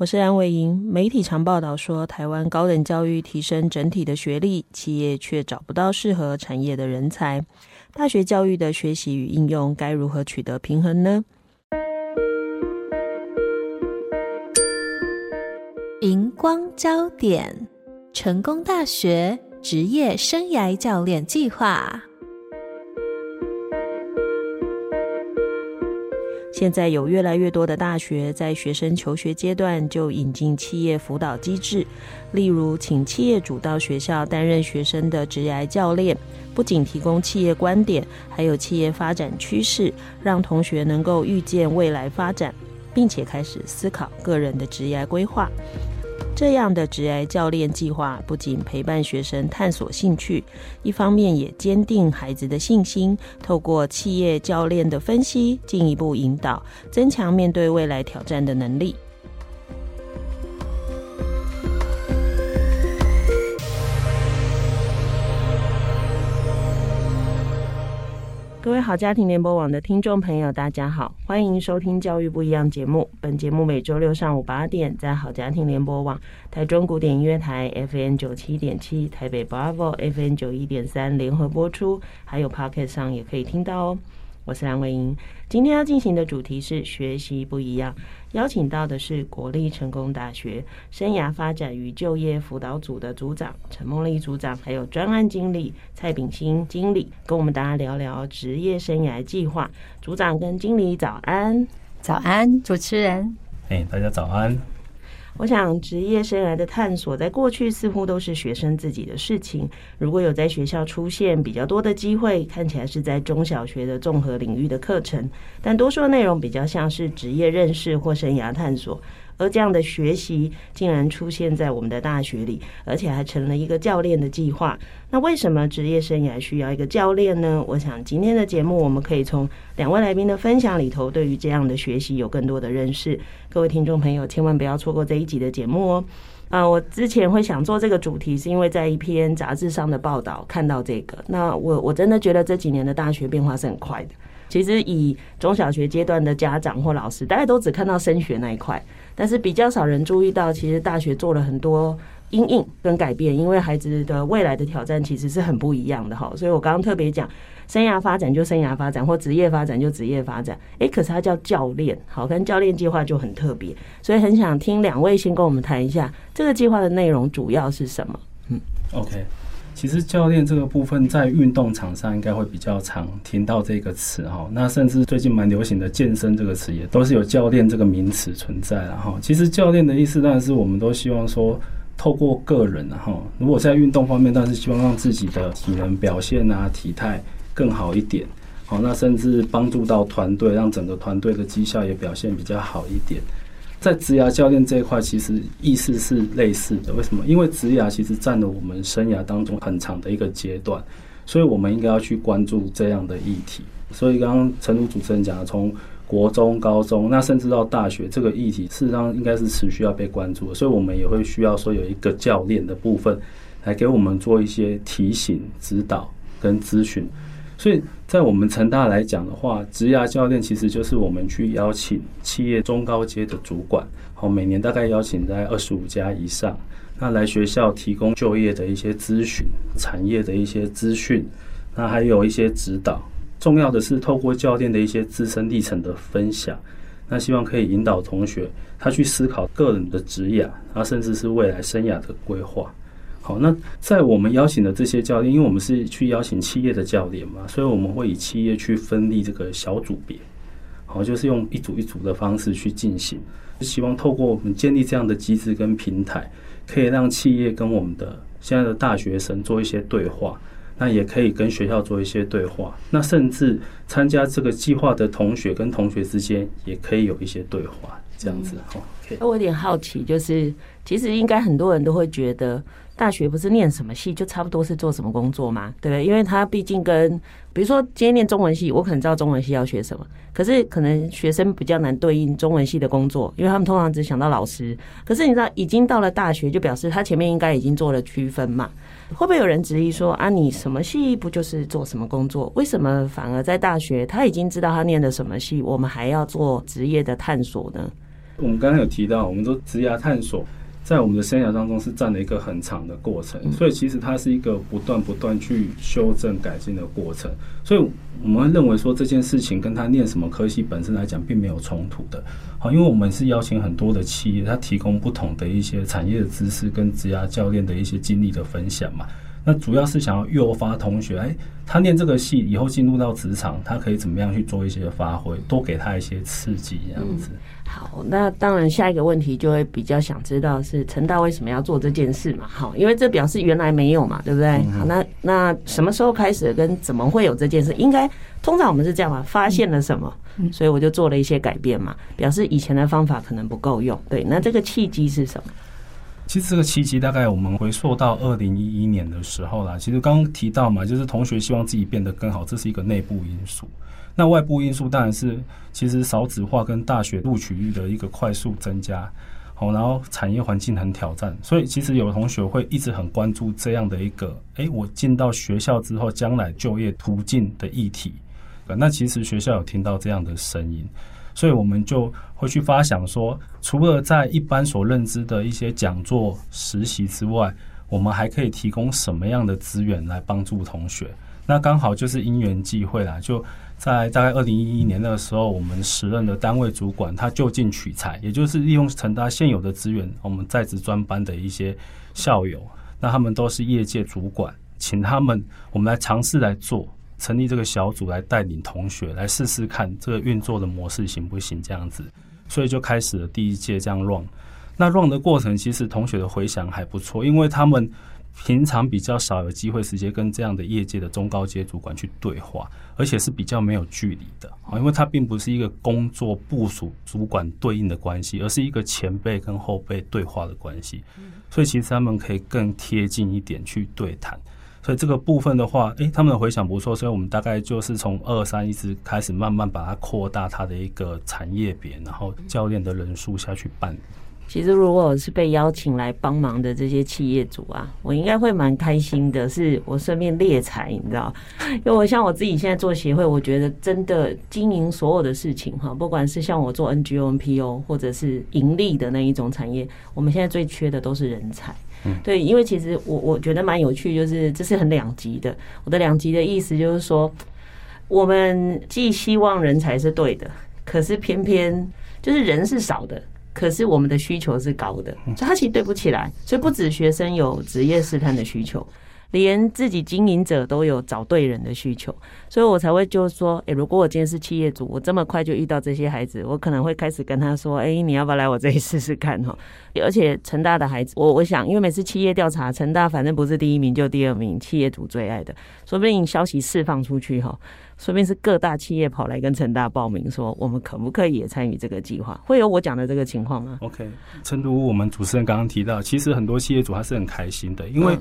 我是藍偉瑩。媒體常報道說，臺灣高等教育提升整體的學歷，企業卻找不到適合產業的人才。大學教育的學習與應用，該如何取得平衡呢？熒光焦點：成功大學職業生涯教練計劃。現在有越來越多的大學在學生求學階段就引進企業輔導機制，例如請企業主到學校擔任學生的職業教練，不僅提供企業觀點，還有企業發展趨勢，讓同學能夠預見未來發展，並且開始思考個人的職業規劃。這樣的職涯教練計劃不僅陪伴學生探索興趣，一方面也堅定孩子的信心，透過企業教練的分析，進一步引導，增強面對未來挑戰的能力。各位好，家庭聯播網的聽眾朋友，大家好，歡迎收聽《教育不一樣》節目。本節目每周六上午八點在好家庭聯播網、台中古典音樂台 FM 九七點七、台北 Bravo FM 九一點三聯合播出，還有 Pocket 上也可以聽到哦。我是藍偉瑩，今天要進行的主題是學習不一樣，邀請到的是國立成功大學生涯發展與就業輔導組的組長陳孟莉組長，還有專案經理蔡秉欣經理，跟我們大家聊聊職業生涯計劃。組長跟經理早安，早安，主持人，哎，大家早安。我想，職業生涯的探索在過去似乎都是學生自己的事情。如果有在學校出現比較多的機會，看起來是在中小學的綜合領域的課程，但多數內容比較像是職業認識或生涯探索。而這樣的學習竟然出現在我們的大學裡，而且還成了一個教練的計劃。那為什麼職業生涯需要一個教練呢？我想今天的節目我們可以從兩位來賓的分享裡頭，對於這樣的學習有更多的認識。各位聽眾朋友，千萬不要錯過這一集的節目哦。啊，我之前會想做這個主題，是因為在一篇雜誌上的報道看到這個。那我我真的覺得這幾年的大學變化是很快的。其實以中小學階段的家長或老師，大家都只看到升學那一塊，但是比較少人注意到，其實大學做了很多因應跟改變，因為孩子的未來的挑戰其實是很不一樣的哈。所以我剛剛特別講，生涯發展就生涯發展，或職業發展就職業發展，誒，可是它叫教練，好，跟教練計劃就很特別，所以很想聽兩位先跟我們談一下這個計劃的內容主要是什麼？嗯，OK。其實教練這個部分在運動場上應該會比較常聽到這個詞哈，那甚至最近蠻流行的健身這個詞也都是有教練這個名詞存在了哈。其實教練的意思當然是我們都希望說，透過個人哈，如果在運動方面，但是希望讓自己的體能表現啊、體態更好一點，好，那甚至幫助到團隊，讓整個團隊的績效也表現比較好一點。在職涯教練這一塊，其實意思是類似的。為什麼？因為職涯其實占了我們生涯當中很長的一個階段，所以我們應該要去關注這樣的議題。所以剛剛誠如主持人講的，從國中、高中，那甚至到大學，這個議題事實上應該是持續要被關注的。所以我們也會需要說有一個教練的部分，來給我們做一些提醒、指導跟諮詢。所以在我們成大來講的話，職涯教練其實就是我們去邀請企業中高階的主管，好，每年大概邀請在二十五家以上，那來學校提供就業的一些諮詢、產業的一些資訊，那還有一些指導。重要的是透過教練的一些自身歷程的分享，那希望可以引導同學他去思考個人的職業，啊，甚至是未來生涯的規劃。好，那在我們邀請的這些教練，因為我們是去邀請企業的教練嘛，所以我們會以企業去分立這個小組別，好，就是用一組一組的方式去進行，希望透過我們建立這樣的機制跟平台，可以讓企業跟我們的現在的大學生做一些對話，那也可以跟學校做一些對話，那甚至參加這個計劃的同學跟同學之間也可以有一些對話，這樣子哈。嗯我有點好奇，就是其實應該很多人都會覺得，大學不是念什麼系就差不多是做什麼工作嘛，對不對？因為他畢竟跟比如說今天念中文系，我可能知道中文系要學什麼，可是可能學生比較難對應中文系的工作，因為他們通常只想到老師。可是你知道，已經到了大學，就表示他前面應該已經做了區分嘛。會不會有人質疑說啊，你什麼系不就是做什麼工作？為什麼反而在大學他已經知道他念的什麼系，我們還要做職業的探索呢？我們剛剛有提到，我們說職涯探索，在我們的生涯當中是佔了一個很長的過程，所以其實它是一個不斷、不斷去修正、改進的過程。所以我們認為說，這件事情跟他念什麼科系本身來講，並沒有衝突的。好，因為我們是邀請很多的企業，他提供不同的一些產業的知識跟職涯教練的一些經歷的分享嘛。那主要是想要誘發同學，哎，他念這個系以後進入到職場，他可以怎麼樣去做一些發揮，多給他一些刺激，這樣子、嗯。好，那當然下一個問題就會比較想知道是成大為什麼要做這件事嘛？好，因為這表示原來沒有嘛，對不對？好，那那什麼時候開始跟怎麼會有這件事？應該通常我們是這樣嘛，發現了什麼，所以我就做了一些改變嘛，表示以前的方法可能不夠用。對，那這個契機是什麼？其實這個契機大概我們回溯到二零一一年的時候啦。其實剛剛提到嘛，就是同學希望自己變得更好，這是一個內部因素。那外部因素當然是，其實少子化跟大學錄取率的一個快速增加，好，然後產業環境很挑戰。所以其實有同學會一直很關注這樣的一個，誒，我進到學校之後，將來就業途徑的議題。那其實學校有聽到這樣的聲音。所以我們就會去發想說，除了在一般所認知的一些講座、實習之外，我們還可以提供什麼樣的資源來幫助同學？那剛好就是因緣際會啦，就在大概二零一一年那個時候，我們時任的單位主管他就近取材，也就是利用成大現有的資源，我們在職專班的一些校友，那他們都是業界主管，請他們我們來嘗試來做。成立這個小組來帶領同學來試試看這個運作的模式行不行這樣子，所以就開始了第一屆這樣 run。那 run 的過程其實同學的回響還不錯，因為他們平常比較少有機會直接跟這樣的業界的中高階主管去對話，而且是比較沒有距離的啊，因為它並不是一個工作部屬主管對應的關係，而是一個前輩跟後輩對話的關係，所以其實他們可以更貼近一點去對談。所以這個部分的話，哎、欸，他們的回響不錯，所以我們大概就是從二三一直開始慢慢把它擴大它的一個產業別，然後教練的人數下去辦。其實如果我是被邀請來幫忙的這些企業主啊，我應該會蠻開心的是，是，我順便獵才，你知道？因為我像我自己現在做協會，我覺得真的經營所有的事情哈，不管是像我做 NGO、NPO 或者是盈利的那一種產業，我們現在最缺的都是人才。嗯，對，因為其實我我覺得蠻有趣，就是這是很兩極的。我的兩極的意思就是說，我們既希望人才是對的，可是偏偏就是人是少的，可是我們的需求是高的，所以它其實對不起來。所以不止學生有職業試探的需求。連自己經營者都有找對人的需求，所以我才會就是說，哎、欸，如果我今天是企業主，我這麼快就遇到這些孩子，我可能會開始跟他說，哎、欸，你要不要來我這裡試試看哈、哦？而且成大的孩子，我我想，因為每次企業調查，成大反正不是第一名就第二名，企業主最愛的，說不定消息釋放出去哈，說不定是各大企業跑來跟成大報名說，說我們可不可以也參與這個計劃？會有我講的這個情況嗎？OK，誠如我們主持人剛剛提到，其實很多企業主他是很開心的，因為、嗯。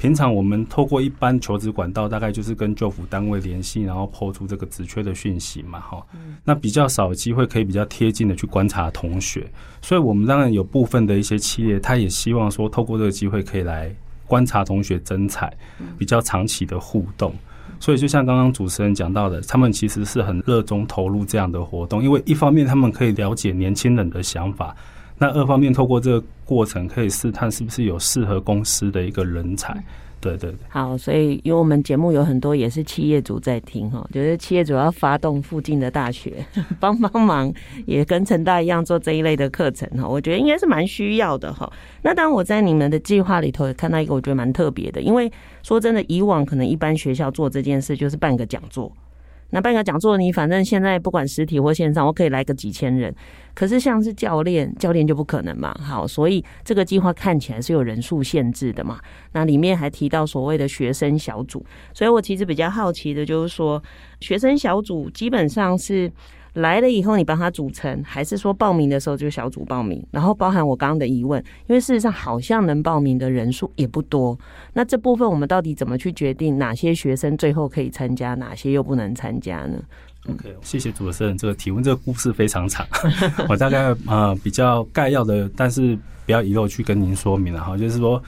平常我們透過一般求職管道，大概就是跟就服單位聯繫，然後拋出這個職缺的訊息嘛，哈。那比較少機會可以比較貼近的去觀察同學，所以我們當然有部分的一些企業，他也希望說透過這個機會可以來觀察同學、徵才，比較長期的互動。所以就像剛剛主持人講到的，他們其實是很熱衷投入這樣的活動，因為一方面他們可以了解年輕人的想法。那二方面，透過這個過程，可以試探是不是有適合公司的一個人才，對對對。好，所以因為我們節目有很多也是企業主在聽哈，就是企業主要發動附近的大學幫幫忙，也跟成大一樣做這一類的課程哈，我覺得應該是蠻需要的哈。那當然我在你們的計劃裡頭也看到一個，我覺得蠻特別的，因為說真的，以往可能一般學校做這件事就是辦個講座。那辦個講座你，你反正現在不管實體或線上，我可以來個幾千人。可是像是教練，教練就不可能嘛。好，所以這個計劃看起來是有人數限制的嘛。那裡面還提到所謂的學生小組，所以我其實比較好奇的就是說，學生小組基本上是。來了以後，你幫他組成，還是說報名的時候就小組報名？然後包含我剛剛的疑問，因為事實上好像能報名的人數也不多。那這部分我們到底怎麼去決定哪些學生最後可以參加，哪些又不能參加呢？嗯。OK，謝謝主持人，這個提問，這個故事非常長。 我大概，呃，比較概要的，但是不要遺漏去跟您說明了哈。就是說，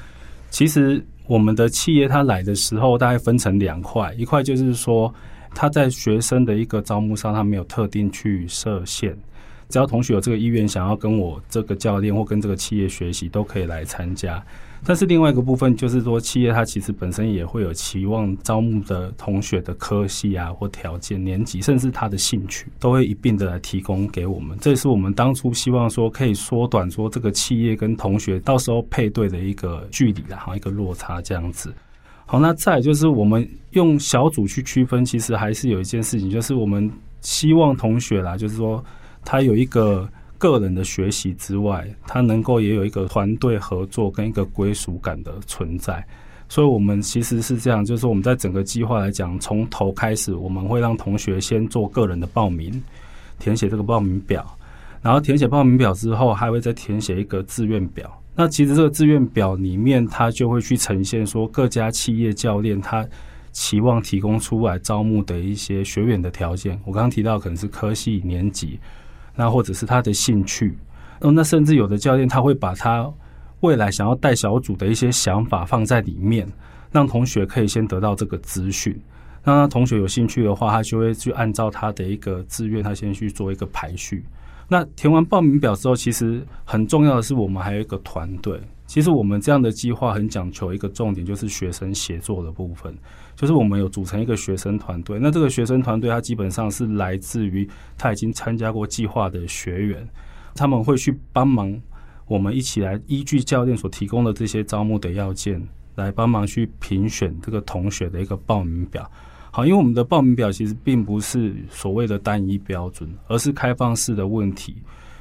其實我們的企業它來的時候大概分成兩塊，一塊就是說。他在學生的一個招募上，他沒有特定去設限，只要同學有這個意願，想要跟我這個教練或跟這個企業學習，都可以來參加。但是另外一個部分就是說，企業它其實本身也會有期望招募的同學的科系啊，或條件、年級，甚至是他的興趣，都會一併的來提供給我們。這也是我們當初希望說可以縮短說這個企業跟同學到時候配對的一個距離，然後一個落差這樣子。好，那再就是我們用小組去區分，其實還是有一件事情，就是我們希望同學啦，就是說他有一個個人的學習之外，他能夠也有一個團隊合作跟一個歸屬感的存在。所以我們其實是這樣，就是說我們在整個計劃來講，從頭開始，我們會讓同學先做個人的報名，填寫這個報名表，然後填寫報名表之後，還會再填寫一個志願表。那其實這個志願表裡面，它就會去呈現說各家企業教練他期望提供出來招募的一些學員的條件。我剛剛提到的可能是科系、年級，那或者是他的興趣。那甚至有的教練他會把他未來想要帶小組的一些想法放在裡面，讓同學可以先得到這個資訊。那同學有興趣的話，他就會去按照他的一個志願，他先去做一個排序。那填完報名表之後，其實很重要的是，我們還有一個團隊。其實我們這樣的計劃很講求一個重點，就是學生協作的部分。就是我們有組成一個學生團隊，那這個學生團隊他基本上是來自於他已經參加過計劃的學員，他們會去幫忙我們一起來依據教練所提供的這些招募的要件，來幫忙去評選這個同學的一個報名表。好，因為我們的報名表其實並不是所謂的單一標準，而是開放式的問題。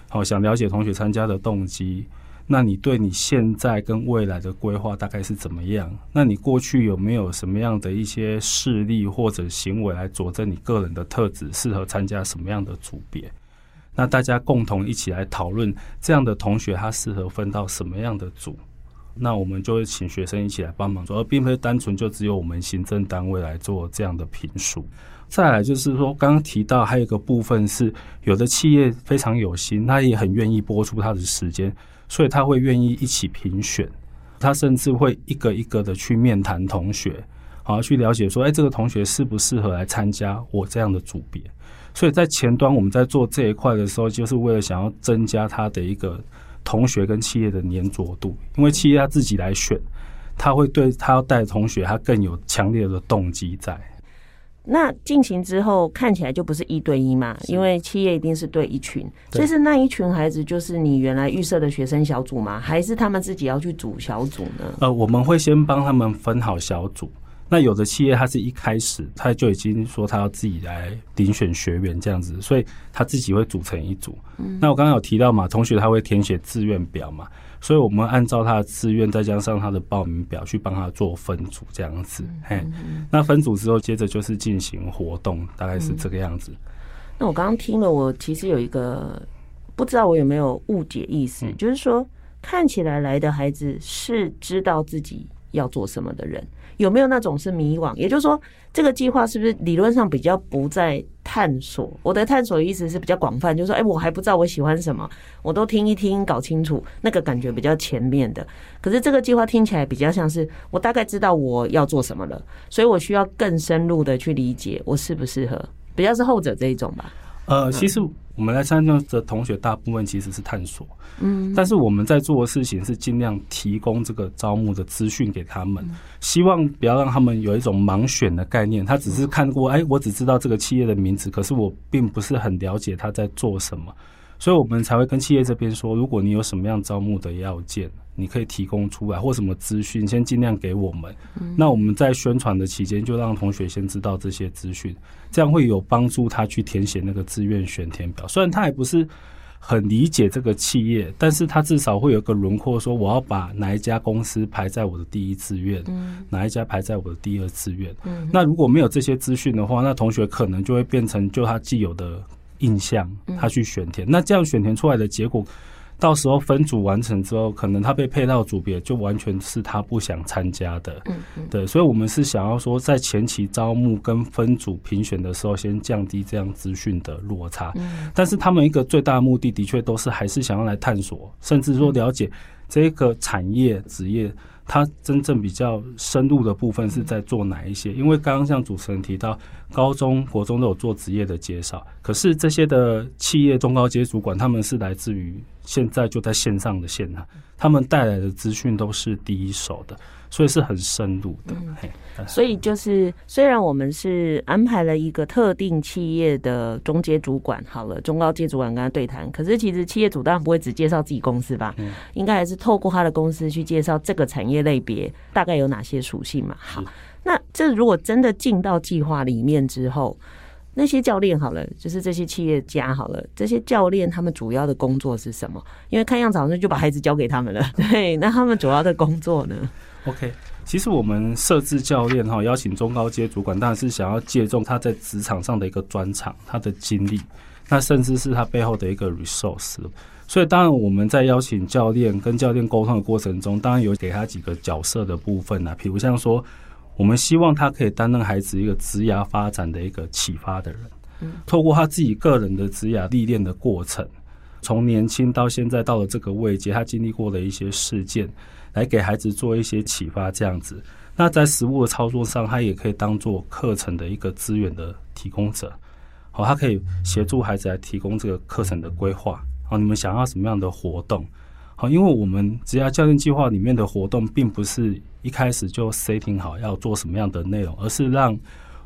好，想了解同學參加的動機，那你對你現在跟未來的規劃大概是怎麼樣？那你過去有沒有什麼樣的一些事例或者行為來佐證你個人的特質適合參加什麼樣的組別？那大家共同一起來討論，這樣的同學他適合分到什麼樣的組？那我們就會請學生一起來幫忙做，而並非單純就只有我們行政單位來做這樣的評述。再來就是說，剛剛提到還有一個部分是，有的企業非常有心，他也很願意撥出他的時間，所以他會願意一起評選。他甚至會一個一個的去面談同學，好去了解說，哎，這個同學適不適合來參加我這樣的組別。所以在前端我們在做這一塊的時候，就是為了想要增加他的一個。同學跟企業的粘着度，因為企業他自己來選，他會對他要帶同學，他更有強烈的動機在。那進行之後看起來就不是一對一嘛，因為企業一定是對一群，是所以是那一群孩子就是你原來預設的學生小組嗎？嗯，還是他們自己要去組小組呢？呃，我們會先幫他們分好小組。那有的企業，他是一開始他就已經說他要自己來遴選學員這樣子，所以他自己會組成一組。那我剛剛有提到嘛，同學他會填寫志願表嘛，所以我們按照他的志願，再加上他的報名表去幫他做分組這樣子。嘿，那分組之後，接着就是進行活動，大概是這個樣子。嗯，那我剛剛聽了，我其實有一個不知道我有沒有誤解意思，就是說看起來來的孩子是知道自己。要做什麼的人，有沒有那種是迷惘？也就是說，這個計劃是不是理論上比較不在探索？我的探索的意思是比較廣泛，就是說，哎、欸，我還不知道我喜歡什麼，我都聽一聽，搞清楚那個感覺比較前面的。可是這個計劃聽起來比較像是我大概知道我要做什麼了，所以我需要更深入的去理解我適不適合，比較是後者這一種吧。呃，其實我們來參加的同學大部分其實是探索，嗯，但是我們在做的事情是盡量提供這個招募的資訊給他們，嗯，希望不要讓他們有一種盲選的概念。他只是看過，是，哎，我只知道這個企業的名字，可是我並不是很了解他在做什麼，所以我們才會跟企業這邊說，如果你有什麼樣招募的要件。你可以提供出來或什麼資訊，先儘量給我們，嗯。那我們在宣傳的期間，就讓同學先知道這些資訊，這樣會有幫助他去填寫那個志願選填表。雖然他也不是很理解這個企業，但是他至少會有個輪廓，說我要把哪一家公司排在我的第一志願，嗯，哪一家排在我的第二志願，嗯。那如果沒有這些資訊的話，那同學可能就會變成就他既有的印象，嗯，他去選填。那這樣選填出來的結果。到時候分組完成之後，可能他被配到組別，就完全是他不想參加的。嗯，嗯。對，所以，我們是想要說，在前期招募跟分組評選的時候，先降低這樣資訊的落差。嗯。但是他們一個最大的目的，的確都是還是想要來探索，甚至說了解這個產業職業，它真正比較深入的部分是在做哪一些。嗯。因為剛剛像主持人提到，高中、國中都有做職業的介紹，可是這些的企業中高階主管，他們是來自於。現在就在線上的線呢、啊，他們帶來的資訊都是第一手的，所以是很深入的、嗯。所以就是，雖然我們是安排了一個特定企業的中階主管，好了，中高階主管跟他對談，可是其實企業主當然不會只介紹自己公司吧，嗯、應該還是透過他的公司去介紹這個產業類別大概有哪些屬性嘛。好，那這如果真的進到計劃裡面之後。那些教練好了，就是這些企業家好了。這些教練他們主要的工作是什麼？因為看樣子好像就把孩子交給他們了。對，那他們主要的工作呢？OK，其實我們設置教練哈，邀請中高階主管，當然是想要借重他在職場上的一個專長、他的經歷，那甚至是他背後的一個 resource。所以，當然我們在邀請教練跟教練溝通的過程中，當然有給他幾個角色的部分呢、啊，比如像說。我們希望他可以擔任孩子一個職涯發展的一個啟發的人，透過他自己個人的職涯歷練的過程，從年輕到現在到了這個位階，他經歷過的一些事件，來給孩子做一些啟發，這樣子。那在實務的操作上，他也可以當做課程的一個資源的提供者，好，他可以協助孩子來提供這個課程的規劃。好，你們想要什麼樣的活動？好，因為我們職涯教練計劃裡面的活動，並不是一開始就 setting 好要做什麼樣的內容，而是讓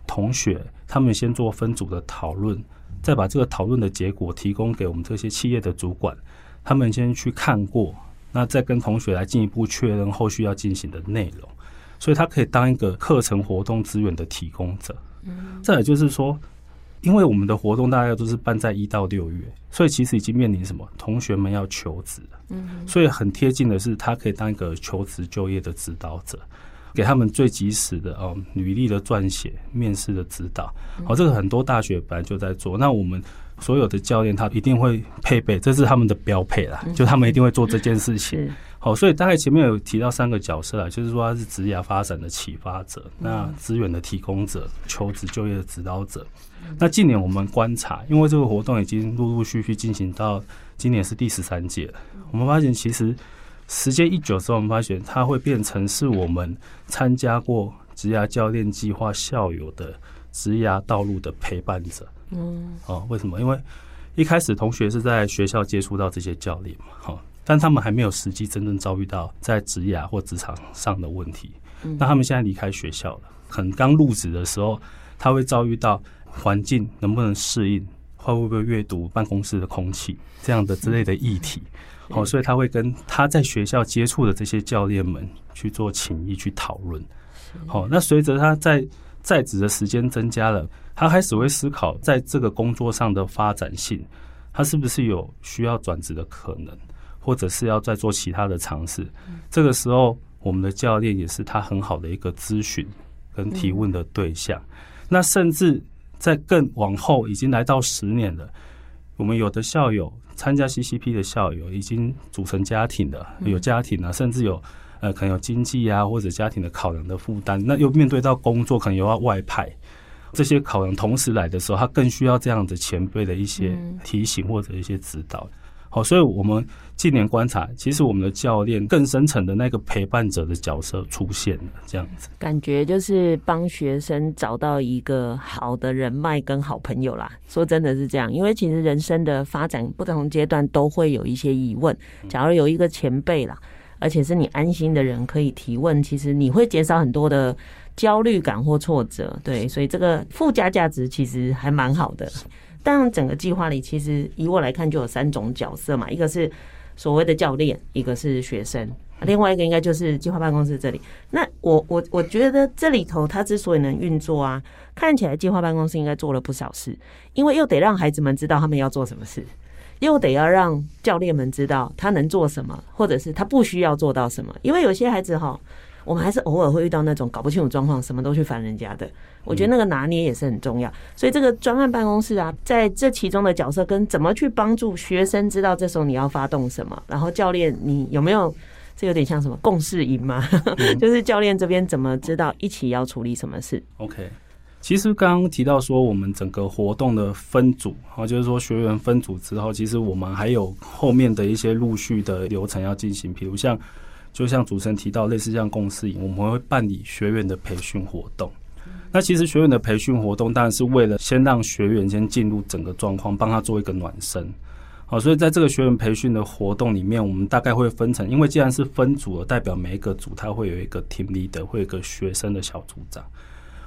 同學他們先做分組的討論，再把這個討論的結果提供給我們這些企業的主管，他們先去看過，那再跟同學來進一步確認後續要進行的內容，所以他可以當一個課程活動資源的提供者。嗯，再來就是說。因為我們的活動大概都是辦在一到六月，所以其實已經面臨什麼？同學們要求職，嗯，所以很貼近的是，他可以當一個求職就業的指導者，給他們最及時的哦，履歷的撰寫、面試的指導。好，哦，這個很多大學本來就在做，那我們所有的教練他一定會配備，這是他們的標配啦，嗯，就他們一定會做這件事情。嗯好、哦，所以大概前面有提到三個角色啊，就是說他是職涯發展的啟發者，那資源的提供者，求職就業的指導者。那近年我們觀察，因為這個活動已經陸陸續續進行到今年是第十三屆，我們發現其實時間一久之後，我們發現他會變成是我們參加過職涯教練計劃校友的職涯道路的陪伴者。嗯，哦，為什麼？因為一開始同學是在學校接觸到這些教練嘛，哈、哦。但他們還沒有實際真正遭遇到在職業或職場上的問題。嗯、那他們現在離開學校了，可能剛入職的時候，他會遭遇到環境能不能適應，會不會閱讀辦公室的空氣這樣的之類的議題。好、哦，所以他會跟他在學校接觸的這些教練們去做情誼，去討論。好、哦，那隨着他在在職的時間增加了，他開始會思考在這個工作上的發展性，他是不是有需要轉職的可能。或者是要再做其他的嘗試，這個時候我們的教練也是他很好的一個諮詢跟提問的對象。那甚至在更往後，已經來到十年了，我們有的校友參加 CCP 的校友已經組成家庭了，有家庭啊，甚至有呃可能有經濟啊或者家庭的考量的負擔，那又面對到工作可能又要外派，這些考量同時來的時候，他更需要這樣子前輩的一些提醒或者一些指導。好，所以我們。近年觀察，其實我們的教練更深層的那個陪伴者的角色出現了，這樣子感覺就是幫學生找到一個好的人脈跟好朋友啦。說真的是這樣，因為其實人生的發展不同階段都會有一些疑問。嗯。假如有一個前輩啦，而且是你安心的人可以提問，其實你會減少很多的焦慮感或挫折。對，所以這個附加價值其實還蠻好的。但整個計劃裡，其實以我來看，就有三種角色嘛，一個是。所謂的教練，一個是學生，另外一個應該就是計劃辦公室這裡。那我我我覺得這裡頭他之所以能運作啊，看起來計劃辦公室應該做了不少事，因為又得讓孩子們知道他們要做什麼事，又得要讓教練們知道他能做什麼，或者是他不需要做到什麼，因為有些孩子哈。我們還是偶爾會遇到那種搞不清楚狀況、什麼都去煩人家的。我覺得那個拿捏也是很重要。嗯、所以這個專案辦公室啊，在這其中的角色跟怎麼去幫助學生知道這時候你要發動什麼，然後教練你有沒有？這有點像什麼共識營嗎？嗯、 就是教練這邊怎麼知道一起要處理什麼事？OK，其實剛剛提到說我們整個活動的分組，啊，就是說學員分組之後，其實我們還有後面的一些陸續的流程要進行，比如像。就像主持人提到，類似這樣公司一樣，我們會辦理學員的培訓活動。那其實學員的培訓活動，當然是為了先讓學員先進入整個狀況，幫他做一個暖身。好，所以在這個學員培訓的活動裡面，我們大概會分成，因為既然是分組了，代表每一個組他會有一個 team leader，會有一個學生的小組長。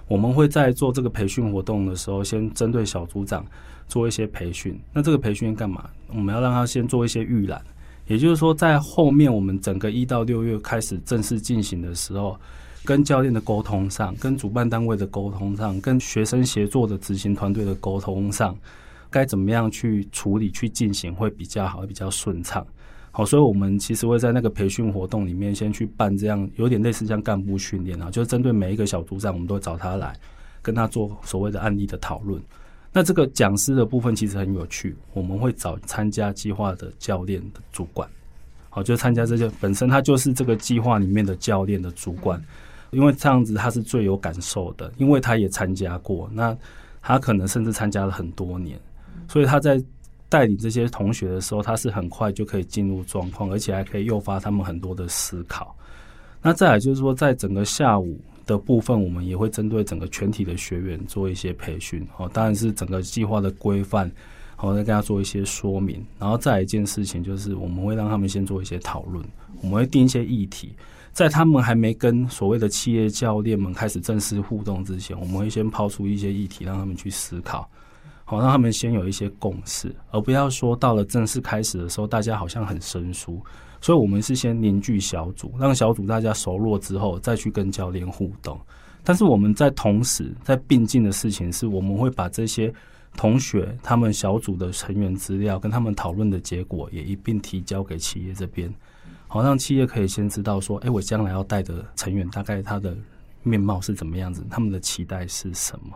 我們會在做這個培訓活動的時候，先針對小組長做一些培訓。那這個培訓幹嘛？我們要讓他先做一些預覽。也就是說，在後面我們整個一到六月開始正式進行的時候，跟教練的溝通上，跟主辦單位的溝通上，跟學生協作的執行團隊的溝通上，該怎麼樣去處理、去進行會比較好、比較順暢。好，所以我們其實會在那個培訓活動裡面先去辦這樣有點類似像幹部訓練啊，就是針對每一個小組長，我們都會找他來跟他做所謂的案例的討論。那這個講師的部分其實很有趣，我們會找參加計劃的教練的主管，好，就參加這些本身他就是這個計劃裡面的教練的主管，因為這樣子他是最有感受的，因為他也參加過，那他可能甚至參加了很多年，所以他在帶領這些同學的時候，他是很快就可以進入狀況，而且還可以誘發他們很多的思考。那再來就是說，在整個下午。的部分，我們也會針對整個全體的學員做一些培訓，好，當然是整個計劃的規範，好，再跟他做一些說明。然後，再來一件事情就是，我們會讓他們先做一些討論，我們會定一些議題，在他們還沒跟所謂的企業教練們開始正式互動之前，我們會先拋出一些議題，讓他們去思考，好，讓他們先有一些共識，而不要說到了正式開始的時候，大家好像很生疏。所以，我們是先凝聚小組，讓小組大家熟絡之後，再去跟教練互動。但是，我們在同時在並進的事情是，我們會把這些同學他們小組的成員資料跟他們討論的結果，也一併提交給企業這邊，好讓企業可以先知道說，哎，我將來要帶的成員大概他的面貌是怎麼樣子，他們的期待是什麼。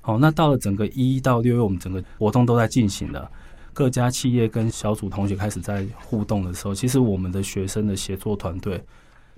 好，那到了整個一到六月，我們整個活動都在進行了。各家企業跟小組同學開始在互動的時候，其實我們的學生的協作團隊，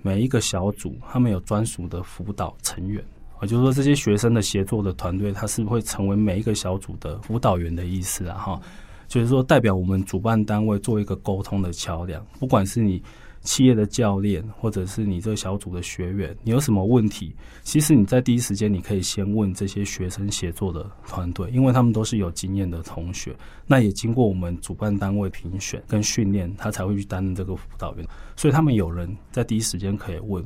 每一個小組他們有專屬的輔導成員，也就是說這些學生的協作的團隊，他是會成為每一個小組的輔導員的意思啊哈，就是說代表我們主辦單位做一個溝通的橋樑，不管是你。企業的教練，或者是你這個小組的學員，你有什麼問題？其實你在第一時間，你可以先問這些學生協作的團隊，因為他們都是有經驗的同學，那也經過我們主辦單位評選跟訓練，他才會去擔任這個輔導員，所以他們有人在第一時間可以問。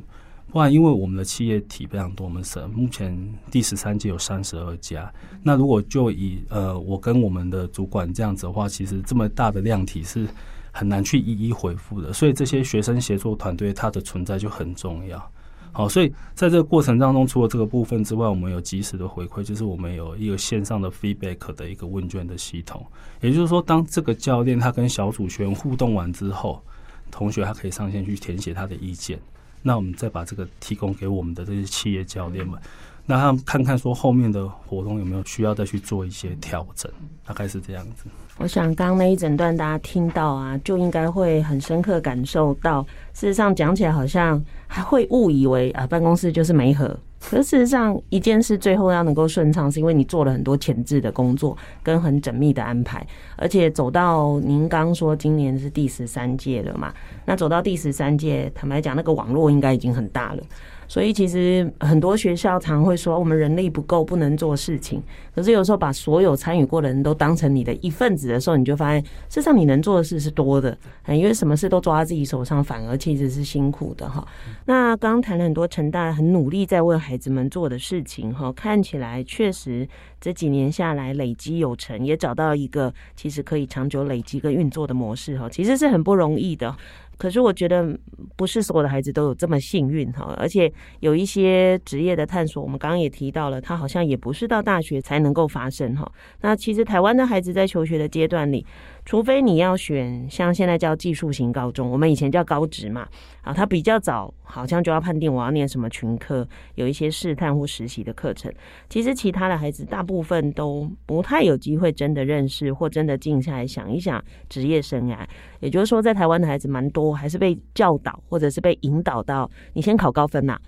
不然，因為我們的企業體非常多，麼深目前第十三屆有三十二家。那如果就以呃，我跟我們的主管這樣子的話，其實這麼大的量體是。很難去一一回覆的，所以這些學生協作團隊它的存在就很重要。好，所以在這個過程當中，除了這個部分之外，我們有及時的回饋，就是我們有一個線上的 feedback 的一個問卷的系統。也就是說，當這個教練他跟小組學員互動完之後，同學他可以上線去填寫他的意見。那我們再把這個提供給我們的這些企業教練們，那他看看說後面的活動有沒有需要再去做一些調整，大概是這樣子。我想，剛剛那一整段大家聽到啊，就應該會很深刻感受到。事實上，講起來好像還會誤以為啊，辦公室就是媒合。可事實上，一件事最後要能夠順暢，是因為你做了很多前置的工作，跟很縝密的安排。而且走到您剛剛說今年是第十三屆了嘛？那走到第十三屆，坦白講，那個網絡應該已經很大了。所以其實很多學校常會說，我們人力不夠，不能做事情。可是有時候把所有參與過的人都當成你的一份子的時候，你就發現事實上你能做的事是多的。因為什麼事都抓在自己手上，反而其實是辛苦的哈、嗯。那剛剛談了很多成大很努力在為孩子們做的事情哈，看起來確實這幾年下來累積有成，也找到一個其實可以長久累積跟運作的模式哈，其實是很不容易的。可是我覺得不是所有的孩子，都有這麼幸運哈，而且有一些職業的探索，我們剛剛也提到了，他好像也不是到大學才能夠發生哈。那其實台灣的孩子在求學的階段裡。除非你要選像現在叫技術型高中，我們以前叫高職嘛，啊，他比較早好像就要判定我要念什麼群科，有一些試探或實習的課程。其實其他的孩子大部分都不太有機會真的認識或真的靜下來想一想職業生涯。也就是說，在台灣的孩子蠻多還是被教導或者是被引導到你先考高分吶、啊。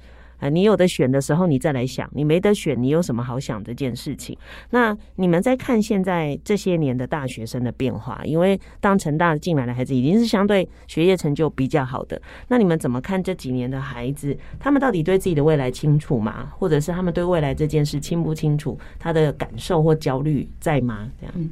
啊，你有得選的時候，你再來想；你沒得選，你有什麼好想這件事情？那你們在看現在這些年的大學生的變化，因為當成大進來的孩子已經是相對學業成就比較好的。那你們怎麼看這幾年的孩子？他們到底對自己的未來清楚嗎？或者是他們對未來這件事清不清楚？他的感受或焦慮在嗎？這樣。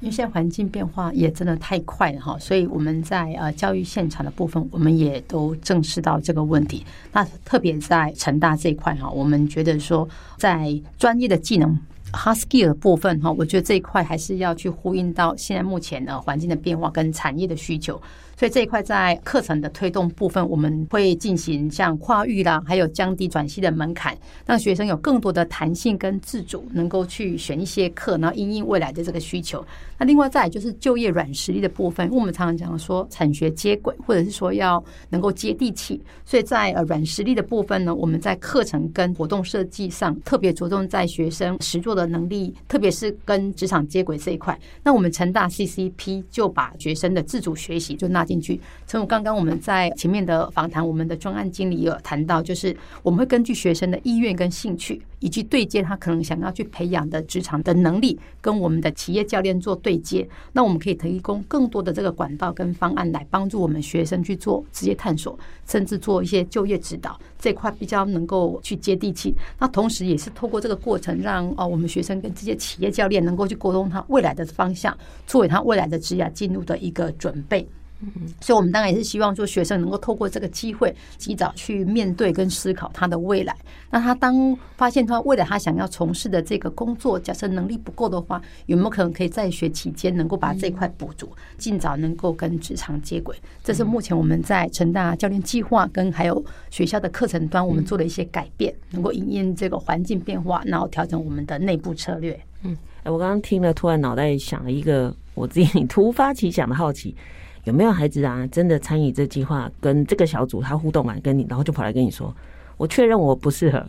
因為現在環境變化也真的太快了哈，所以我們在呃教育現場的部分，我們也都正視到這個問題。那特別在成大這一塊哈，我們覺得說在專業的技能 h a skill） 部分哈，我覺得這一塊還是要去呼應到現在目前呃環境的變化跟產業的需求。所以這一塊在課程的推動部分，我們會進行像跨域啦，還有降低轉系的門檻，讓學生有更多的彈性跟自主，能夠去選一些課，然後因應未來的這個需求。那另外再就是就業軟實力的部分，我們常常講說，產學接軌，或者是說要能夠接地氣。所以在、呃、軟實力的部分呢，我們在課程跟活動設計上特別着重在學生實作的能力，特別是跟職場接軌這一塊。那我們成大 CCP 就把學生的自主學習就那。進去。從我剛剛我們在前面的訪談，我們的專案經理也有談到，就是我們會根據學生的意願跟興趣，以及對接他可能想要去培養的職場的能力，跟我們的企業教練做對接。那我們可以提供更多的這個管道跟方案，來幫助我們學生去做職業探索，甚至做一些就業指導，這塊比較能夠去接地氣。那同時，也是透過這個過程，讓哦我們學生跟這些企業教練能夠去溝通他未來的方向，作為他未來的職業進入的一個準備。嗯，所以，我們當然也是希望，說學生能夠透過這個機會，及早去面對跟思考他的未來。那他當發現他未來他想要從事的這個工作，假設能力不夠的話，有沒有可能可以在學期間能夠把這塊補足，盡早能夠跟職場接軌？這是目前我們在成大教練計劃跟還有學校的課程端，我們做了一些改變，能夠因應這個環境變化，然後調整我們的內部策略。嗯，哎，我剛剛聽了，突然腦袋想了一個我自己突發奇想的好奇。有沒有孩子啊？真的參與這計劃，跟這個小組他互動嘛、啊？跟你，然後就跑來跟你說，我確認我不適合，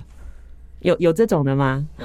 有有這種的嗎？Okay。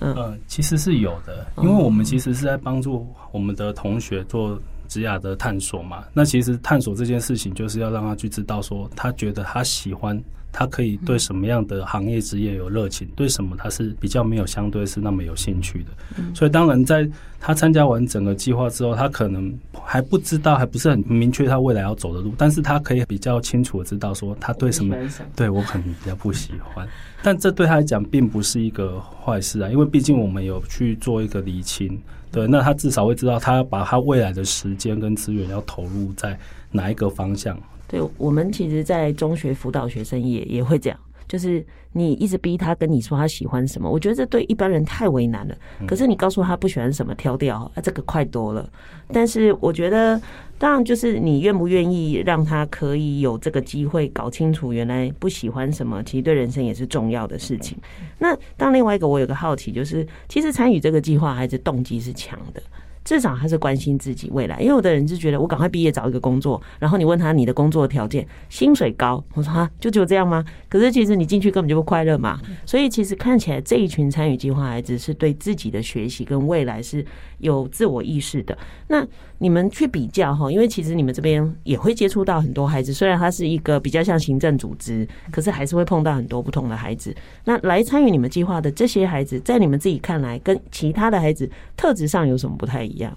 嗯、呃，其實是有的，因為我們其實是在幫助我們的同學做職涯的探索嘛。那其實探索這件事情，就是要讓他去知道說，他覺得他喜歡。他可以對什麼樣的行業職業有熱情，嗯？對什麼他是比較沒有相對是那麼有興趣的？嗯、所以當然，在他參加完整個計劃之後，他可能還不知道，還不是很明確他未來要走的路。但是，他可以比較清楚的知道說，他對什麼，我對我很比較不喜歡。嗯、但這對他來講並不是一個壞事啊，因為畢竟我們有去做一個釐清。對，那他至少會知道，他把他未來的時間跟資源要投入在哪一個方向。對，我們其實，在中學輔導學生也也會這樣，就是你一直逼他跟你說他喜歡什麼，我覺得這對一般人太為難了。可是你告訴他不喜歡什麼，挑掉，啊，這個快多了。但是我覺得，當然就是你願不願意讓他可以有這個機會搞清楚原來不喜歡什麼，其實對人生也是重要的事情。那當然另外一個，我有個好奇，就是其實參與這個計劃還是動機是強的。至少還是關心自己未來，因為有的人就覺得我趕快畢業找一個工作，然後你問他你的工作條件、薪水高，我說啊，就只有這樣嗎？可是其實你進去根本就不快樂嘛，所以其實看起來這一群參與計劃孩子是對自己的學習跟未來是。有自我意識的。那你們去比較哈，因為其實你們這邊也會接觸到很多孩子，雖然他是一個比較像行政組織，可是還是會碰到很多不同的孩子。那來參與你們計劃的這些孩子，在你們自己看來，跟其他的孩子特質上有什麼不太一樣？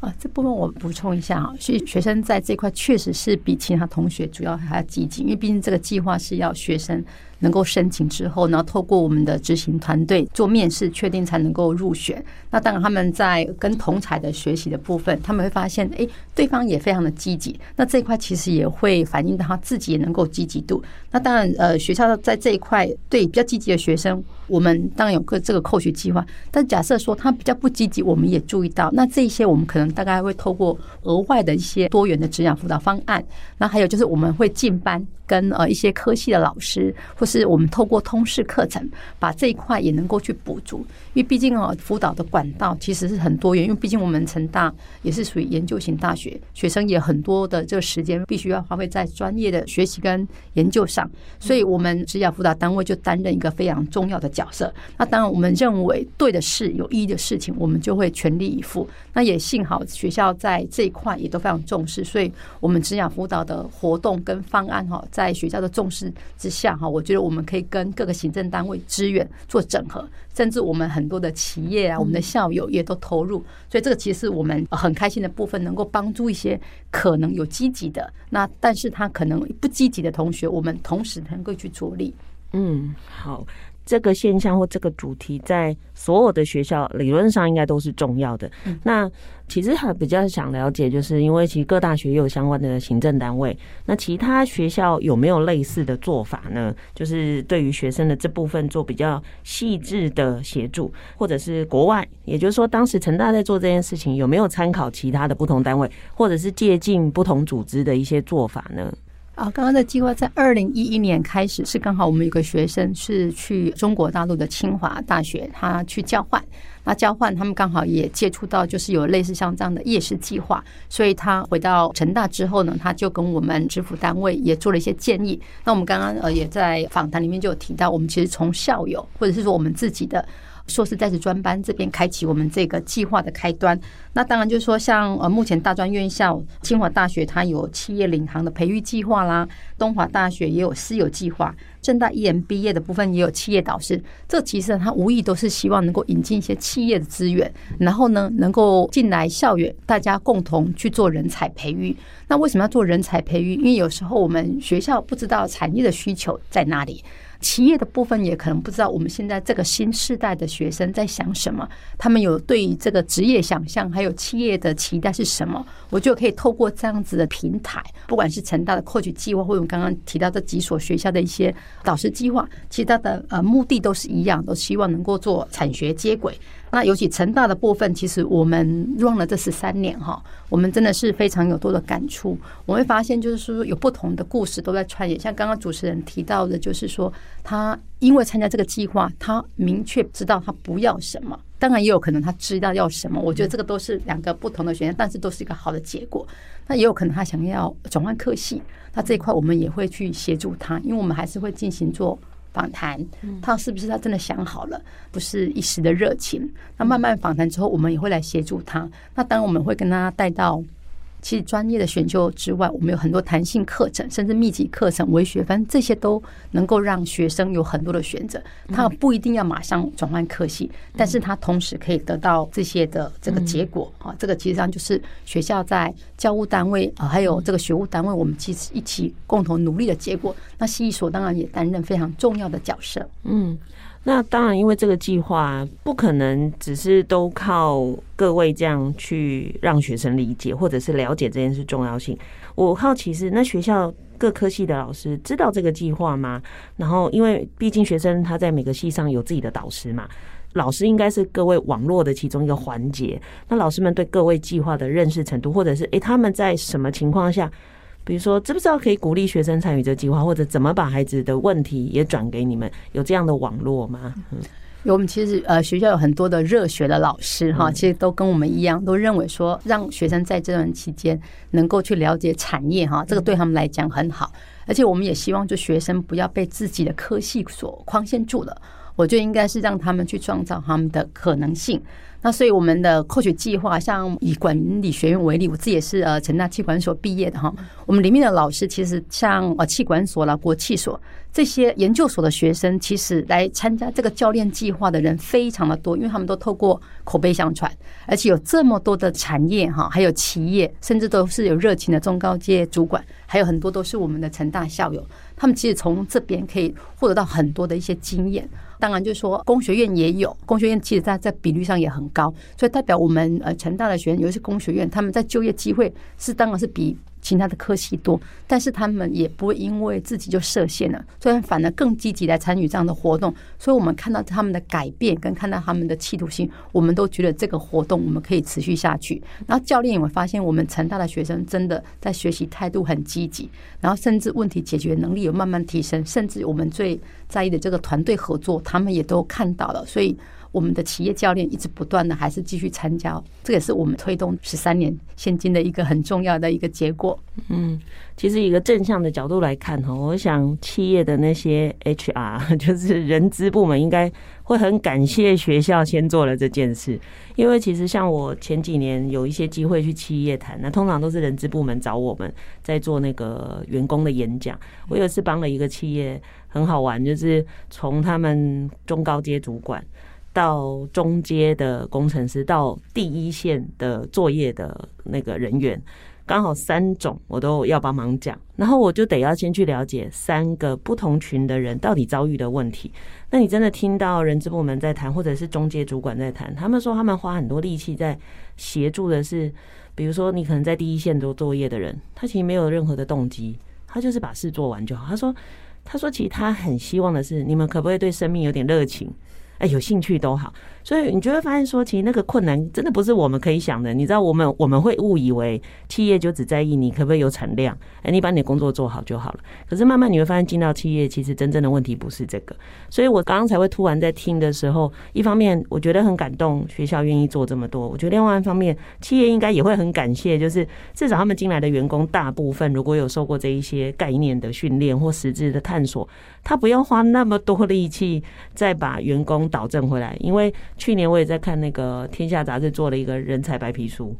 啊，這部分我補充一下啊，所以學生在這塊確實是比其他同學主要還要積極，因為畢竟這個計劃是要學生，能夠申請之後，然後透過我們的執行團隊做面試，確定才能夠入選。那當然他們在跟同儕的學習的部分，他們會發現，哎，對方也非常的積極。那這一塊其實也會反映到他自己也能夠積極度。那當然，呃，學校在這一塊對比較積極的學生，我們當然有個這個 coach 計劃。但假設說他比較不積極，我們也注意到，那這一些我們可能大概會透過額外的一些多元的指導輔導方案。那還有就是我們會進班跟呃一些科系的老師或是我們透過通識課程，把這一塊也能夠去補足，因為畢竟哦，輔導的管道其實是很多元，因為畢竟我們成大也是屬於研究型大學，學生也很多的，這個時間必須要花費在專業的學習跟研究上，所以我們職涯輔導單位就擔任一個非常重要的角色。那當然，我們認為對的事、有意義的事情，我們就會全力以赴。那也幸好學校在這一塊也都非常重視，所以我們職涯輔導的活動跟方案哈、喔，在學校的重視之下哈、喔，我覺得。我們可以跟各個行政單位資源做整合，甚至我們很多的企業啊，我們的校友也都投入，所以這個其實是我們很開心的部分，能夠幫助一些可能有積極的，那但是他可能不積極的同學，我們同時能夠去着力。嗯，好。這個現象或這個主題，在所有的學校理論上應該都是重要的。那其實還比較想了解，就是因為其實各大學也有相關的行政單位，那其他學校有沒有類似的做法呢？就是對於學生的這部分做比較細緻的協助，或者是國外，也就是說，當時成大在做這件事情有沒有參考其他的不同單位，或者是借鑒不同組織的一些做法呢？啊，剛剛的計劃在二零一一年開始，是剛好我們有個學生是去中國大陸的清華大學，他去交換，那交換他們剛好也接觸到，就是有類似像這樣的業師計畫，所以他回到成大之後呢，他就跟我們支付單位也做了一些建議。那我們剛剛呃也在訪談裡面就有提到，我們其實從校友或者是說我們自己的。碩士在職專班這邊開啟我們這個計劃的開端。那當然就是說，像呃目前大專院校，清華大學它有企業領航的培育計劃啦，東華大學也有私有計劃，政大 EMBA 的部分也有企業導師。這其實它無意都是希望能夠引進一些企業的資源，然後呢能夠進來校園，大家共同去做人才培育。那為什麼要做人才培育？因為有時候我們學校不知道產業的需求在哪裡。企業的部分也可能不知道我們現在這個新世代的學生在想什麼，他們有對於這個職業想象，還有企業的期待是什麼，我就可以透過這樣子的平台，不管是成大的 Coach 計劃，或者我們剛剛提到這幾所學校的一些導師計劃，其他的呃目的都是一樣，都希望能夠做產學接軌。那尤其成大的部分，其實我們用了這十三年哈，我們真的是非常有多的感觸。我會發現，就是說有不同的故事都在串業，像剛剛主持人提到的，就是說他因為參加這個計劃，他明確知道他不要什麼，當然也有可能他知道要什麼。我覺得這個都是兩個不同的選項，嗯、但是都是一個好的結果。那也有可能他想要轉換科系，那這一塊我們也會去協助他，因為我們還是會進行做。訪談，他是不是他真的想好了？不是一時的熱情。那慢慢訪談之後，我們也會來協助他。那當我們會跟他帶到。其實專業的選修之外，我們有很多彈性課程，甚至密集課程、微學分。反正這些都能夠讓學生有很多的選擇。他不一定要馬上轉換科系，嗯，但是他同時可以得到這些的這個結果、嗯、啊。這個其實上就是學校在教務單位啊，還有這個學務單位，我們其實一起共同努力的結果。那系所當然也擔任非常重要的角色。嗯。那當然，因為這個計劃不可能只是都靠各位這樣去讓學生理解或者是了解這件事重要性。我好奇是那學校各科系的老師知道這個計劃嗎？然後，因為畢竟學生他在每個系上有自己的導師嘛，老師應該是各位網絡的其中一個環節。那老師們對各位計劃的認識程度，或者是誒、欸，他們在什麼情況下？比如說，知不知道可以鼓勵學生參與這計劃，或者怎麼把孩子的問題也轉給你們？有這樣的網絡嗎？嗯、有，我們其實呃，學校有很多的熱血的老師哈、嗯，其實都跟我們一樣，都認為說，讓學生在這段期間能夠去了解產業哈，這個對他們來講很好。嗯、而且，我們也希望就學生不要被自己的科系所框限住了，我覺得應該是讓他們去創造他們的可能性。那所以我們的 coach 計劃，像以管理學院為例，我自己也是呃成大企管所畢業的哈。我們裡面的老師其實像呃企管所啦、國企所這些研究所的學生，其實來參加這個教練計劃的人非常的多，因為他們都透過口碑相傳，而且有這麼多的產業哈，還有企業，甚至都是有熱情的中高階主管，還有很多都是我們的成大校友，他們其實從這邊可以獲得到很多的一些經驗。當然，就是說工學院也有，工學院，其實它在，在比率上也很高，所以代表我們呃成大的學生，尤其是工學院，他們在就業機會是當然是比。其他的科系多，但是他們也不會因為自己就設限了，雖然反而更積極來參與這樣的活動。所以，我們看到他們的改變，跟看到他們的企圖心，我們都覺得這個活動我們可以持續下去。然後，教練也會發現，我們成大的學生真的在學習態度很積極，然後甚至問題解決能力有慢慢提升，甚至我們最在意的這個團隊合作，他們也都看到了。所以。我們的企業教練一直不斷的還是繼續參加，這也是我們推動十三年現今的一個很重要的一個結果。嗯，其實一個正向的角度來看哈，我想企業的那些 HR，就是人資部門，應該會很感謝學校先做了這件事，因為其實像我前幾年有一些機會去企業談，那通常都是人資部門找我們在做那個員工的演講。我有次幫了一個企業，很好玩，就是從他們中高階主管。到中階的工程師，到第一線的作業的那個人員，剛好三種我都要幫忙講，然後我就得要先去了解三個不同群的人到底遭遇的問題。那你真的聽到人資部門在談，或者是中階主管在談，他們說他們花很多力氣在協助的是，比如說你可能在第一線做作業的人，他其實沒有任何的動機，他就是把事做完就好。他說，他說其實他很希望的是，你們可不可以對生命有點熱情？哎，有興趣都好，所以你就會發現說，其實那個困難真的不是我們可以想的。你知道我，我們我們會誤以為企業就只在意你可不可以有產量，哎，你把你的工作做好就好了。可是慢慢你會發現，進到企業其實真正的問題不是這個。所以我剛剛才會突然在聽的時候，一方面我覺得很感動，學校願意做這麼多。我覺得另外一方面，企業應該也會很感謝，就是至少他們進來的員工大部分如果有受過這一些概念的訓練或實質的探索。他不要花那麼多力氣，再把員工導正回來，因為去年我也在看那個《天下》雜誌做了一個人才白皮書，啊、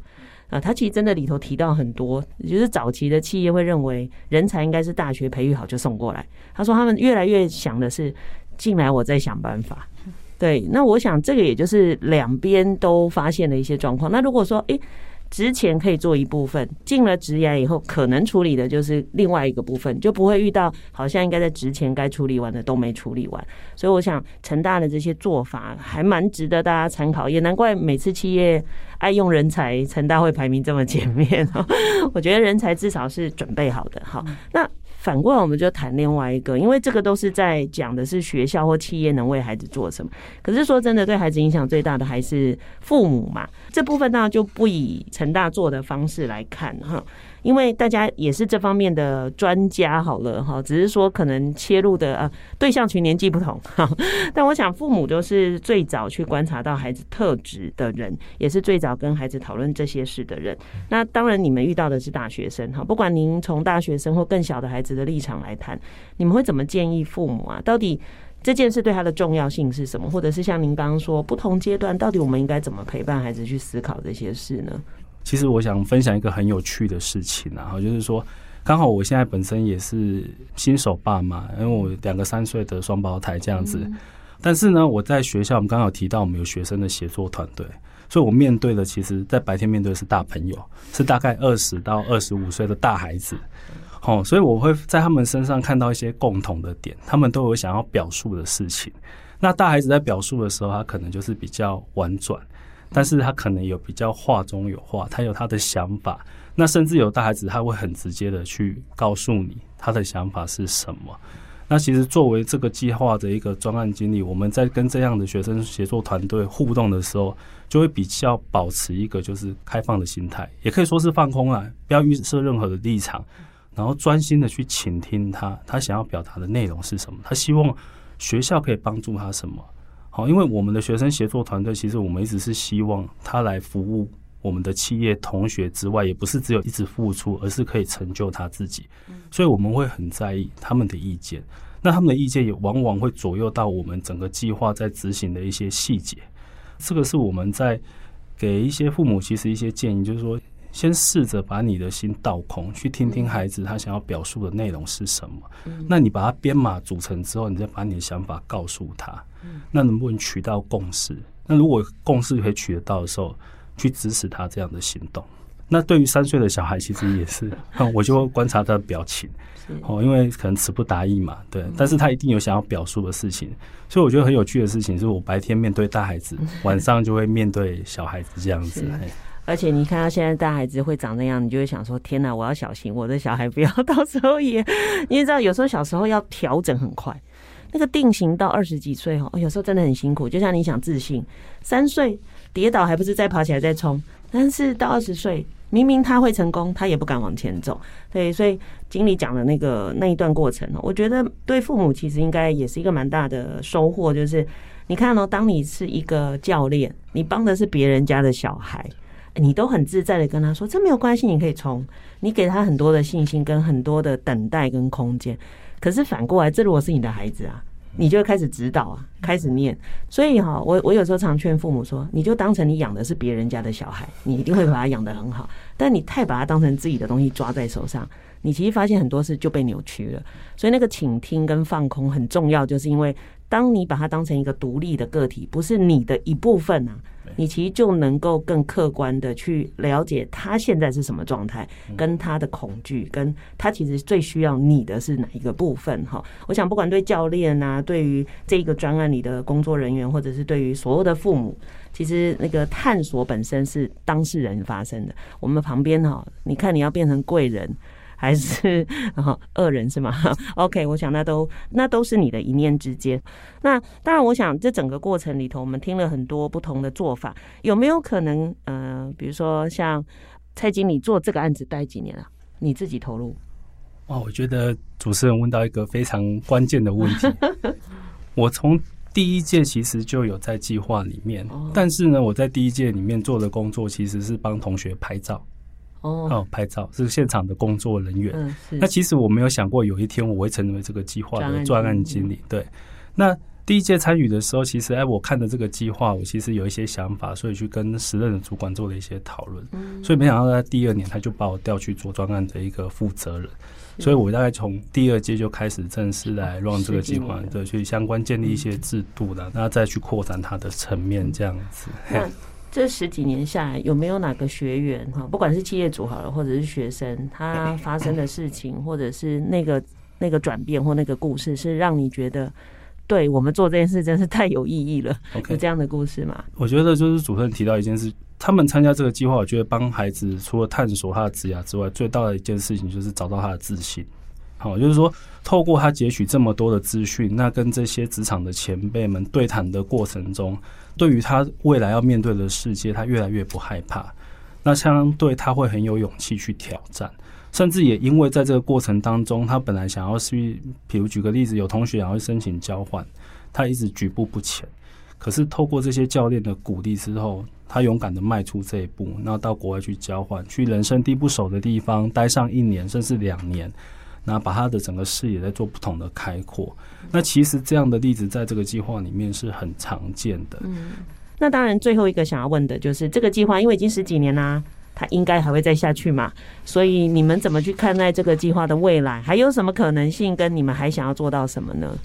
呃，他其實真的裡頭提到很多，就是早期的企業會認為人才應該是大學培育好就送過來，他說他們越來越想的是進來我再想辦法，對，那我想這個也就是兩邊都發現的一些狀況。那如果說誒。欸職前可以做一部分，進了職涯以後可能處理的就是另外一個部分，就不會遇到好像應該在職前該處理完的都沒處理完，所以我想成大的這些做法還蠻值得大家參考，也難怪每次企業愛用人才，成大會排名這麼前面， 我覺得人才至少是準備好的。好，那。反過來，我們就談另外一個，因為這個都是在講的是學校或企業能為孩子做什麼。可是說真的，對孩子影響最大的還是父母嘛。這部分呢，就不以成大做的方式來看哈。因為大家也是這方面的專家，好了哈，只是說可能切入的啊、呃、對象群年紀不同哈。但我想，父母就是最早去觀察到孩子特質的人，也是最早跟孩子討論這些事的人。那當然，你們遇到的是大學生哈，不管您從大學生或更小的孩子的立場來談，你們會怎麼建議父母啊？到底這件事對他的重要性是什麼？或者是像您剛剛說，不同階段，到底我們應該怎麼陪伴孩子去思考這些事呢？其實我想分享一個很有趣的事情，啊，然後就是說，剛好我現在本身也是新手爸媽，因為我兩個三歲的雙胞胎這樣子，嗯。但是呢，我在學校，我們剛好提到我們有學生的協作團隊，所以我面對的，其實在白天面對的是大朋友，是大概二十到二十五歲的大孩子。哦，所以我會在他們身上看到一些共同的點，他們都有想要表述的事情。那大孩子在表述的時候，他可能就是比較婉轉。但是他可能有比較話中有話，他有他的想法。那甚至有大孩子，他會很直接的去告訴你他的想法是什麼？那其實作為這個計劃的一個專案經理，我們在跟這樣的學生協作團隊互動的時候，就會比較保持一個就是開放的心態，也可以說是放空啊，不要預設任何的立場，然後專心的去傾聽他，他想要表達的內容是什麼，他希望學校可以幫助他什麼。好，因為我們的學生協作團隊，其實我們一直是希望他來服務我們的企業同學之外，也不是只有一直付出，而是可以成就他自己。所以我們會很在意他們的意見，那他們的意見也往往會左右到我們整個計劃在執行的一些細節。這個是我們在給一些父母，其實一些建議，就是說，先試着把你的心倒空，去聽聽孩子他想要表述的內容是什麼。嗯、那你把它編碼組成之後，你再把你的想法告訴他，嗯。那能不能取到共識？那如果共識可以取得到的時候，去支持他這樣的行動。那對於三歲的小孩，其實也是， 嗯、我就觀察他的表情。哦，因為可能詞不達意嘛，對。但是他一定有想要表述的事情，所以我覺得很有趣的事情，是我白天面對大孩子，晚上就會面對小孩子這樣子。而且你看他現在大孩子會長那樣，你就會想說：天哪、啊，我要小心我的小孩，不要到時候也。你也知道，有時候小時候要調整很快，那個定型到二十幾歲哦，有時候真的很辛苦。就像你想自信，三歲跌倒還不是再爬起來再衝？但是到二十歲，明明他會成功，他也不敢往前走。對，所以經理講的那個那一段過程，我覺得對父母其實應該也是一個蠻大的收穫。就是你看哦，當你是一個教練，你幫的是別人家的小孩。你都很自在的跟他說，這沒有關係，你可以衝。你給他很多的信心，跟很多的等待跟空間。可是反過來，這如果是你的孩子啊，你就會開始指導啊，開始念。所以哈，我我有時候常勸父母說，你就當成你養的是別人家的小孩，你一定會把他養得很好。但你太把他當成自己的東西抓在手上，你其實發現很多事就被扭曲了。所以那個傾聽跟放空很重要，就是因為。當你把它當成一個獨立的個體，不是你的一部分啊，你其實就能夠更客觀的去了解他現在是什麼狀態，跟他的恐懼，跟他其實最需要你的是哪一個部分哈？我想不管對教練啊，對於這個專案裡的工作人員，或者是對於所有的父母，其實那個探索本身是當事人發生的。我們旁邊哈，你看你要變成貴人。還是然後惡人是嗎？OK，我想那都那都是你的一念之間。那當然，我想這整個過程裡頭，我們聽了很多不同的做法，有沒有可能？嗯、呃，比如說像蔡經理做這個案子待幾年啊？你自己投入？哦，我覺得主持人問到一個非常關鍵的問題。 我從第一屆其實就有在計劃裡面、哦，但是呢，我在第一屆裡面做的工作其實是幫同學拍照。哦、oh，拍照是現場的工作人員、嗯。那其實我沒有想過有一天我會成為這個計劃的專案經理、嗯。對，那第一屆參與的時候，其實哎、欸，我看着這個計劃，我其實有一些想法，所以去跟時任的主管做了一些討論、嗯。所以沒想到在第二年，他就把我調去做專案的一個負責人。所以我大概從第二屆就開始正式來讓這個計劃對去相關建立一些制度啦、嗯、然後那再去擴展它的層面這樣子。嗯這十幾年下來，有沒有哪個學員哈，不管是企業主好了，或者是學生，他發生的事情，或者是那個那個轉變或那個故事，是讓你覺得對我們做這件事真是太有意義了？Okay. 有這樣的故事嗎？我覺得就是主持人提到一件事，他們參加這個計劃，我覺得幫孩子除了探索他的職涯之外，最大的一件事情就是找到他的自信。好，就是說，透過他截取這麼多的資訊，那跟這些職場的前輩們對談的過程中，對於他未來要面對的世界，他越來越不害怕。那相對，他會很有勇氣去挑戰，甚至也因為在這個過程當中，他本來想要去，比如舉個例子，有同學想要申請交換，他一直舉步不前。可是透過這些教練的鼓勵之後，他勇敢的邁出這一步，那到國外去交換，去人生地不熟的地方待上一年甚至兩年。那把他的整個視野在做不同的開闊。那其實這樣的例子在這個計劃裡面是很常見的。嗯，那當然最後一個想要問的就是這個計劃，因為已經十幾年啦、啊，它應該還會再下去嘛。所以你們怎麼去看待這個計劃的未來？還有什麼可能性跟你們還想要做到什麼呢？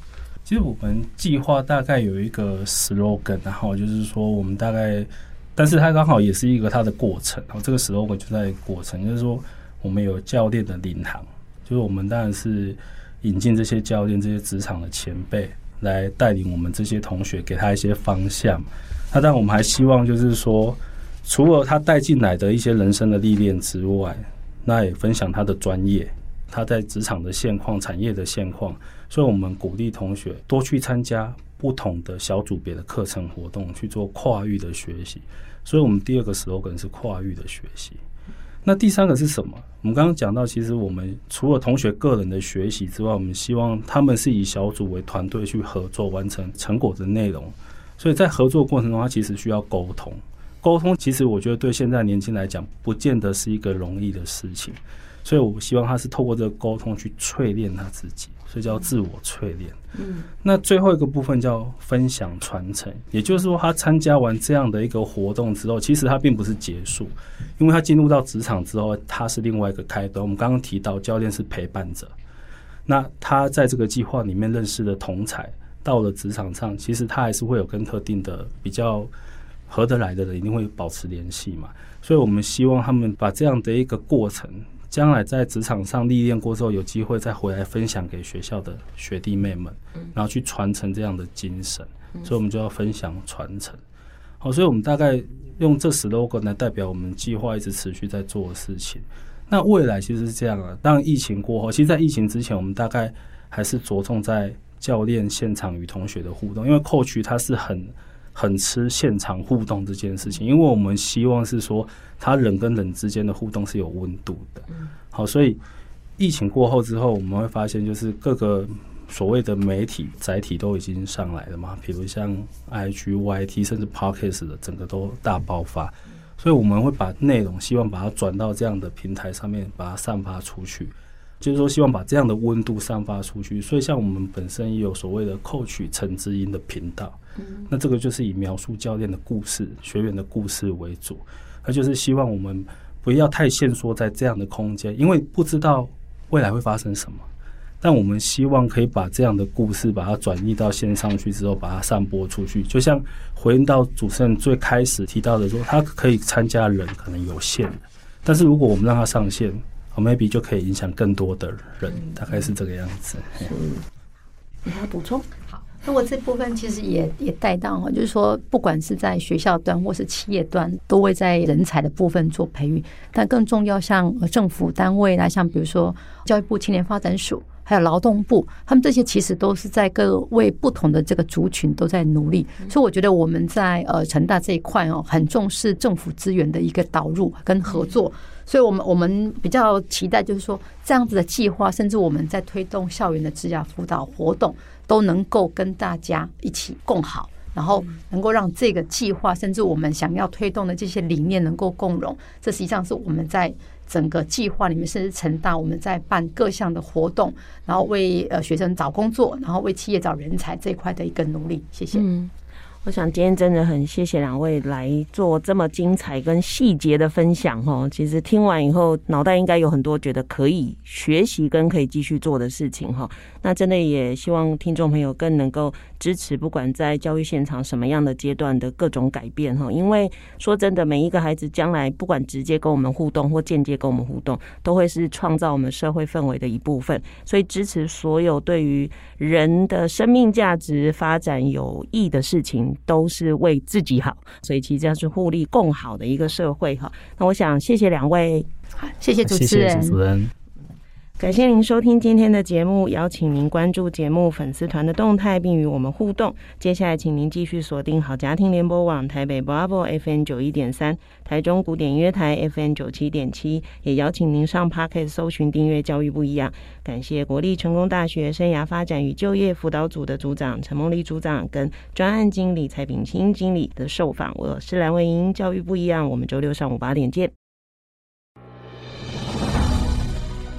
其實我們計劃大概有一個 slogan，然後就是說我們大概，但是它剛好也是一個它的過程。然後這個 slogan 就在過程，就是說我們有教練的領航。就是我們當然是引進這些教練、這些職場的前輩來帶領我們這些同學，給他一些方向。那當然我們還希望就是說，除了他帶進來的一些人生的歷練之外，那也分享他的專業，他在職場的現況、產業的現況。所以我們鼓勵同學多去參加不同的小組別的課程活動，去做跨域的學習。所以我們第二個 slogan 是跨域的學習。那第三個是什麼？我們剛剛講到，其實我們除了同學個人的學習之外，我們希望他們是以小組為團隊去合作完成成果的內容。所以在合作過程中，他其實需要溝通。溝通其實我覺得對現在年輕人來講，不見得是一個容易的事情。所以我希望他是透過這個溝通去淬鍊他自己，所以叫自我淬鍊。嗯，那最後一個部分叫分享傳承，也就是說，他參加完這樣的一個活動之後，其實他並不是結束，因為他進入到職場之後，他是另外一個開端。我們剛剛提到教練是陪伴者，那他在這個計劃裡面認識的同儕，到了職場上，其實他還是會有跟特定的比較合得來的人，一定會保持聯繫嘛。所以我們希望他們把這樣的一個過程，將來在職場上歷練過之後，有機會再回來分享給學校的學弟妹們，然後去傳承這樣的精神。所以，我們就要分享傳承。好，所以我們大概用這十多個來代表我們計劃一直持續在做的事情。那未來其實是這樣啊。當疫情過後，其實，在疫情之前，我們大概還是着重在教練現場與同學的互動，因為 coach 它是很，很吃現場互動這件事情，因為我們希望是說，他人跟人之間的互動是有溫度的。好，所以疫情過後之後，我們會發現就是各個所謂的媒體載體都已經上來了嘛，比如像 IG YT 甚至 podcast 的整個都大爆發，所以我們會把內容希望把它轉到這樣的平台上面，把它散發出去。就是說，希望把這樣的溫度散發出去。所以，像我們本身也有所謂的“扣取陳之音的”的頻道，那這個就是以描述教練的故事、學員的故事為主。那就是希望我們不要太限縮，在這樣的空間，因為不知道未來會發生什麼。但我們希望可以把這樣的故事，把它轉移到線上去之後，把它散播出去。就像回應到主持人最開始提到的說，他可以參加人可能有限，但是如果我們讓他上線。maybe 就可以影響更多的人，嗯，大概是這個樣子。嗯，你要補充？好,那我這部分其實也也帶到，就是說，不管是在學校端或是企業端，都會在人才的部分做培育。但更重要，像政府單位，像比如說教育部青年發展署，還有勞動部，他們這些其實都是在各為不同的這個族群都在努力。嗯、所以我覺得我們在呃成大這一塊哦，很重視政府資源的一個導入跟合作。嗯嗯所以，我們我們比較期待，就是說這樣子的計劃，甚至我們在推動校園的職教輔導活動，都能夠跟大家一起共好，然後能夠讓這個計劃，甚至我們想要推動的這些理念能夠共融。這實際上是我們在整個計劃裡面，甚至成大我們在辦各項的活動，然後為呃學生找工作，然後為企業找人才這一塊的一個努力。謝謝、嗯。我想今天真的很謝謝兩位來做這麼精彩跟細節的分享哈，其實聽完以後腦袋應該有很多覺得可以學習跟可以繼續做的事情哈，那真的也希望聽眾朋友更能夠。支持，不管在教育現場什麼樣的階段的各種改變哈，因為說真的，每一個孩子將來不管直接跟我們互動或間接跟我們互動，都會是創造我們社會氛圍的一部分。所以支持所有對於人的生命價值發展有益的事情，都是為自己好。所以其實這樣是互利共好的一個社會哈。那我想謝謝兩位，啊，謝謝主持人。啊謝謝主持人。感謝您收聽今天的節目，邀請您關注節目粉絲團的動態，並與我們互動。接下來，請您繼續鎖定好家庭聯播網台北 Bravo FM 九一點三、台中古典音樂台 FM 九七點七，也邀請您上 Podcast 搜尋訂閱“教育不一樣”。感謝國立成功大學生涯發展與就業輔導組的組長陳孟莉組長跟專案經理蔡秉欣經理的受訪。我是藍偉瑩，教育不一樣，我們周六上午八點見。